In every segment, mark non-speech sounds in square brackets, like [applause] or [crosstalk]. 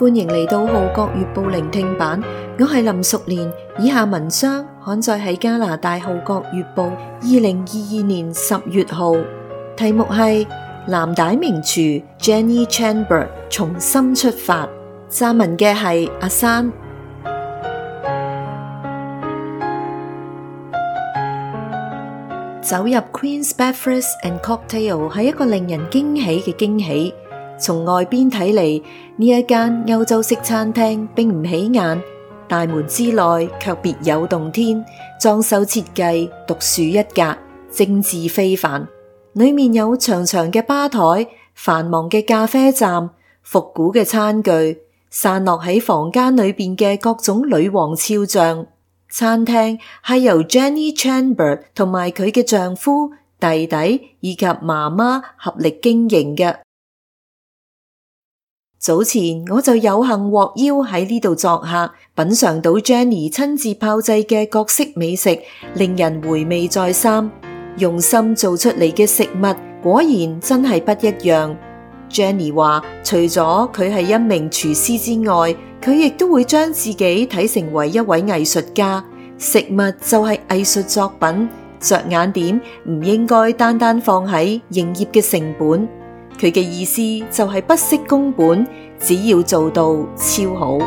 歡迎嚟到《浩國月報》聆聽版，我係林淑蓮。以下文章刊載喺加拿大《浩國月報》二零二二年十月號，題目係《藍帶名廚 Jenny Chan Berg 從心出發》。撰文嘅係阿珊。走入 Queen's Breakfast and Cocktail 係一個令人驚喜嘅驚喜。從外邊睇嚟，呢一間歐洲式餐廳並唔起眼，大門之內卻別有洞天，裝修設計獨樹一格，精緻非凡。裏面有長長嘅吧台、繁忙嘅咖啡站、復古嘅餐具，散落喺房間裏邊嘅各種女王肖像。餐廳係由 Jenny Chan Berg 同埋佢嘅丈夫、弟弟以及媽媽合力經營嘅。早前我就有幸獲邀喺呢度作客，品嘗到 Jenny 親自炮製嘅各式美食，令人回味再三。用心做出嚟嘅食物果然真係不一樣。Jenny 話：除咗佢係一名廚師之外，佢亦都會將自己睇成為一位藝術家。食物就係藝術作品，着眼點唔應該單單放喺營業嘅成本。佢嘅意思就係不惜工本，只要做到超好。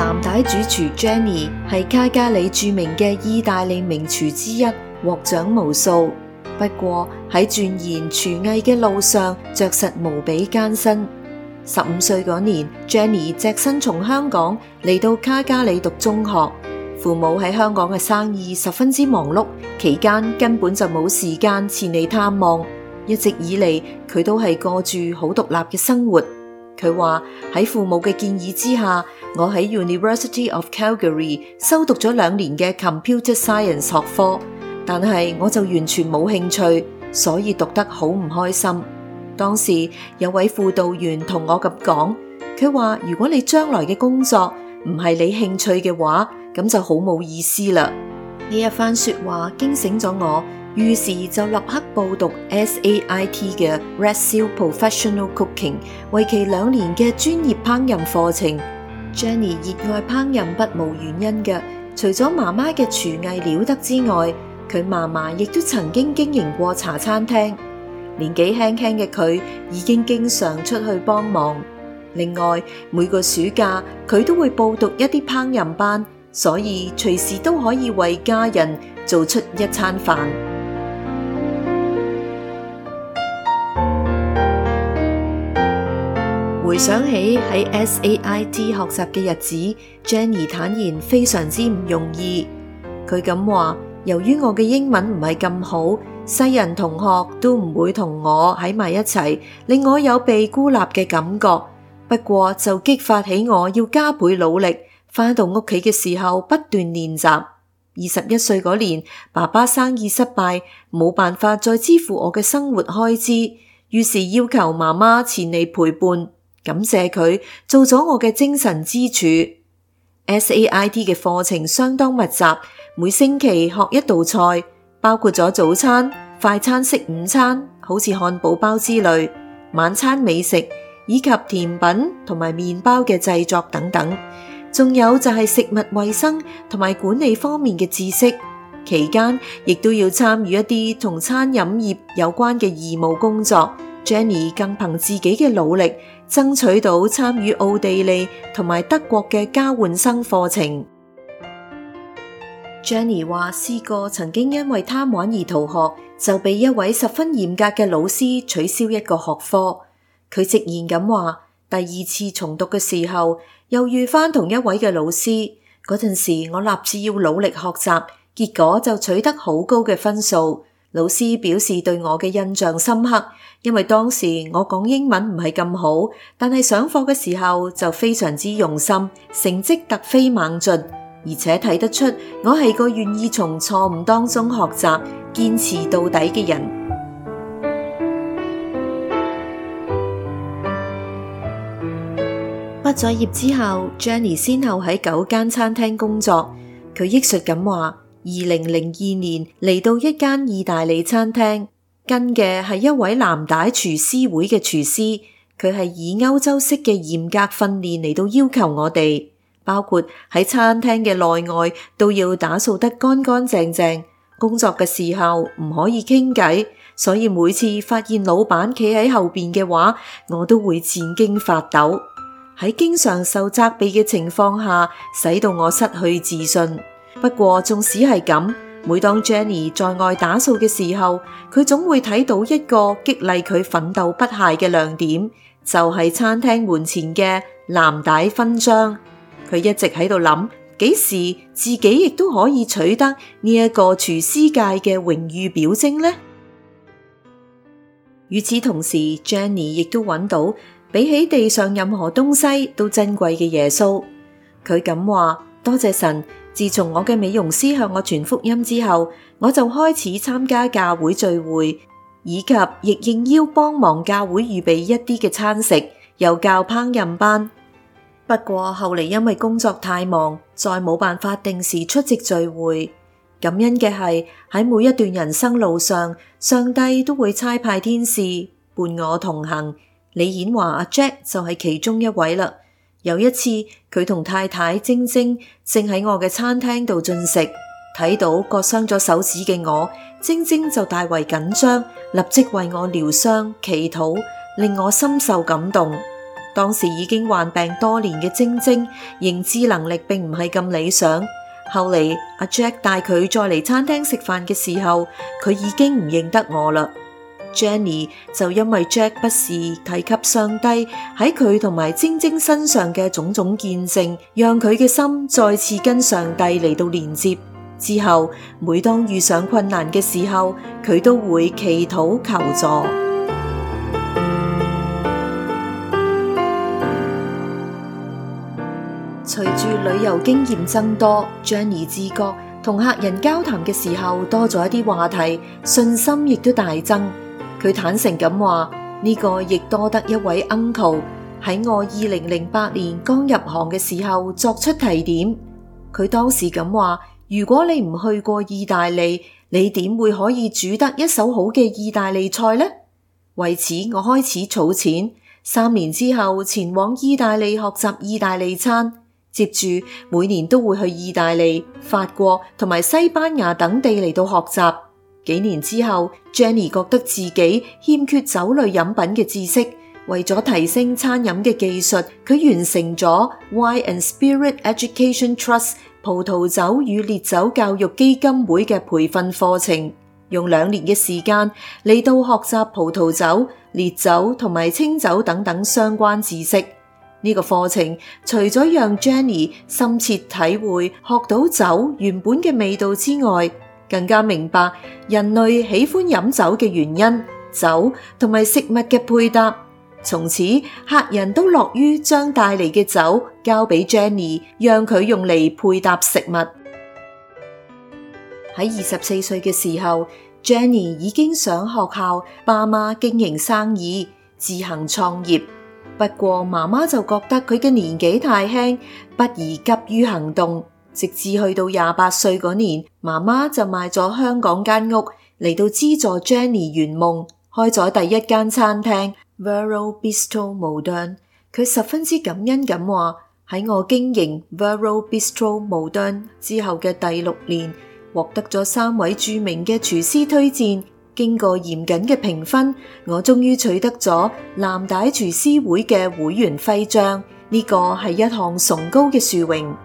藍帶主廚 Jenny 係卡加里著名嘅意大利名廚之一，獲獎無數。不過喺鑽研廚藝嘅路上，着實無比艱辛。十五歲嗰年 [laughs] ，Jenny 隻身從香港嚟到卡加里讀中學。父母喺香港嘅生意十分之忙碌，期間根本就冇時間前嚟探望。一直以嚟佢都係過住好獨立嘅生活。佢話喺父母嘅建議之下，我喺 University of Calgary 修讀咗兩年嘅 Computer Science 學科，但係我就完全冇興趣，所以讀得好唔開心。當時有位輔導員同我咁講，佢話如果你將來嘅工作唔係你興趣嘅話，咁就好冇意思啦！呢一番説話驚醒咗我，於是就立刻報讀 SAIT 嘅 Red Seal Professional Cooking，為期兩年嘅專業烹飪課程。Jenny 熱愛烹飪不無原因嘅，除咗媽媽嘅廚藝了得之外，佢媽媽亦都曾經經營過茶餐廳。年紀輕輕嘅佢已經經常出去幫忙。另外每個暑假佢都會報讀一啲烹飪班。所以隨時都可以為家人做出一餐飯。回想起喺 SAIT 學習嘅日子 [music] ，Jenny 坦言非常之唔容易。佢咁話：由於我嘅英文唔係咁好，西人同學都唔會同我喺埋一齊，令我有被孤立嘅感覺。不過就激發起我要加倍努力。返到屋企嘅時候，不斷練習，不斷練習。二十一歲嗰年，爸爸生意失敗，冇辦法再支付我嘅生活開支，於是要求媽媽前嚟陪伴，感謝佢做咗我嘅精神支柱。S A I T 嘅課程相當密集，每星期學一道菜，包括咗早餐、快餐式午餐，好似漢堡包之類，晚餐美食以及甜品同埋麵包嘅製作等等。仲有就係食物衛生同埋管理方面嘅知識，期間亦都要參與一啲同餐飲業有關嘅義務工作。Jenny 更憑自己嘅努力，爭取到參與奧地利同埋德國嘅交換生課程。Jenny 話試過曾經因為貪玩而逃學，就被一位十分嚴格嘅老師取消一個學科。佢直言咁話，第二次重讀嘅時候。又遇返同一位嘅老師嗰陣時，我立志要努力學習，結果就取得好高嘅分數。老師表示對我嘅印象深刻，因為當時我講英文唔係咁好，但係上課嘅時候就非常之用心，成績突飛猛進，而且睇得出我係個願意從錯誤當中學習、堅持到底嘅人。畢咗業之後，Jenny 先後喺九間餐廳工作。佢憶述咁話：二零零二年嚟到一間意大利餐廳，跟嘅係一位藍帶廚師會嘅廚師。佢係以歐洲式嘅嚴格訓練嚟到要求我哋，包括喺餐廳嘅內外都要打掃得乾乾淨淨。工作嘅時候唔可以傾偈，所以每次發現老闆企喺後邊嘅話，我都會戰兢發抖。喺經常受責備嘅情況下，使到我失去自信。不過，縱使係咁，每當 Jenny 在外打掃嘅時候，佢總會睇到一個激勵佢奮鬥不懈嘅亮點，就係餐廳門前嘅藍帶勳章。佢一直喺度諗，幾時自己亦都可以取得呢一個廚師界嘅榮譽表徵呢？與此同時，Jenny 亦都揾到。比起地上任何東西都珍貴嘅耶穌，佢咁話：多謝神，自從我嘅美容師向我傳福音之後，我就開始參加教會聚會，以及亦應邀幫忙教會預備一啲嘅餐食，又教烹飪班。不過後嚟因為工作太忙，再冇辦法定時出席聚會。感恩嘅係，喺每一段人生路上，上帝都會差派天使伴我同行。李顯話阿 Jack 就係其中一位啦。有一次佢同太太晶晶正喺我嘅餐廳度進食，睇到割傷咗手指嘅我，晶晶就大為緊張，立即為我療傷、祈禱，令我深受感動。當時已經患病多年嘅晶晶認知能力並唔係咁理想。後嚟阿 Jack 帶佢再嚟餐廳食飯嘅時候，佢已經唔認得我啦。Jenny 就因為 Jack 不時提及上帝喺佢同埋晶晶身上嘅種種見證，讓佢嘅心再次跟上帝嚟到連接。之後，每當遇上困難嘅時候，佢都會祈禱求助。隨住旅遊經驗增多，Jenny 自覺同客人交談嘅時候多咗一啲話題，信心亦都大增。佢坦誠咁話：呢個亦多得一位 uncle 喺我二零零八年剛入行嘅時候作出提點。佢當時咁話：如果你唔去過意大利，你點會可以煮得一手好嘅意大利菜呢？為此，我開始儲錢，三年之後前往意大利學習意大利餐，接住每年都會去意大利、法國同埋西班牙等地嚟到學習。幾年之後，Jenny 覺得自己欠缺酒類飲品嘅知識，為咗提升餐飲嘅技術，佢完成咗 Wine and Spirit Education Trust 葡萄酒與烈酒教育基金會嘅培訓課程，用兩年嘅時間嚟到學習葡萄酒、烈酒同埋清酒等等相關知識。呢個課程除咗讓 Jenny 深切體會學到酒原本嘅味道之外，，更加明白人類喜歡飲酒嘅原因，酒同埋食物嘅配搭。從此，客人都樂於將帶嚟嘅酒交俾 Jenny，讓佢用嚟配搭食物。喺二十四歲嘅時候，Jenny 已經上學校，爸媽經營生意，自行創業。不過，媽媽就覺得佢嘅年紀太輕，不宜急於行動。直至去到廿八歲嗰年，媽媽就賣咗香港間屋嚟到資助 Jenny 圓夢，開咗第一間餐廳 Vero Bistro Modern。佢十分之感恩咁話：喺我經營 Vero Bistro Modern 之後嘅第六年，獲得咗三位著名嘅廚師推薦，經過嚴謹嘅評分，我終於取得咗藍帶廚師會嘅會員徽章。呢個係一項崇高嘅殊榮。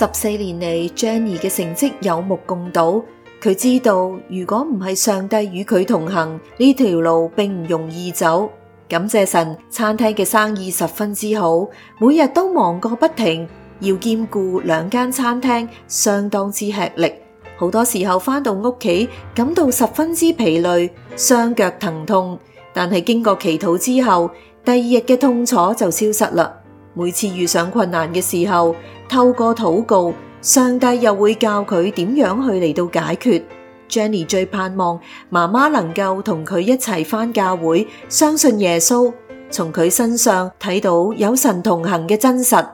十四年嚟，Jenny 嘅成績有目共睹。佢知道，如果唔係上帝與佢同行，呢條路並唔容易走。感謝神，餐廳嘅生意十分之好，每日都忙個不停，要兼顧兩間餐廳，相當之吃力。好多時候返到屋企，感到十分之疲累，雙腳疼痛。但係經過祈禱之後，第二日嘅痛楚就消失啦。每次遇上困難嘅時候，透過禱告，上帝又會教佢點樣去嚟到解決。Jenny 最盼望媽媽能夠同佢一齊返教會，相信耶穌，從佢身上睇到有神同行嘅真實。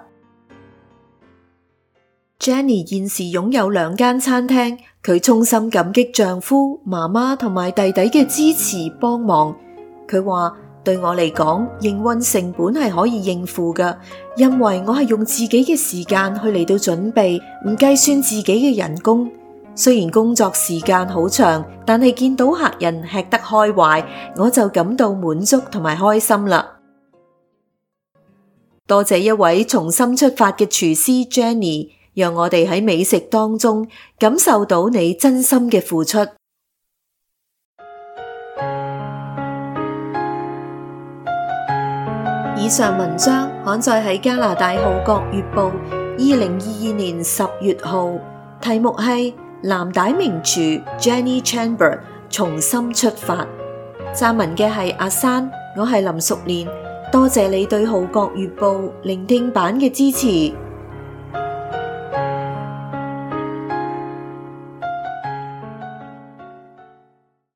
Jenny 現時擁有兩間餐廳，佢衷心感激丈夫、媽媽同埋弟弟嘅支持幫忙。佢話：對我嚟講，營運成本係可以應付㗎。因為我係用自己嘅時間去嚟到準備，唔計算自己嘅人工。雖然工作時間好長，但係見到客人吃得開懷，我就感到滿足同埋開心啦。多謝一位從心出發嘅廚師 Jenny，讓我哋喺美食當中感受到你真心嘅付出。以上文章刊載喺加拿大《號角月報》二零二二年十月號，題目係藍帶名廚 Jenny Chan Berg 重新出發。撰文嘅係阿珊。我係林淑蓮，多謝你對《號角月報》聆聽版嘅支持。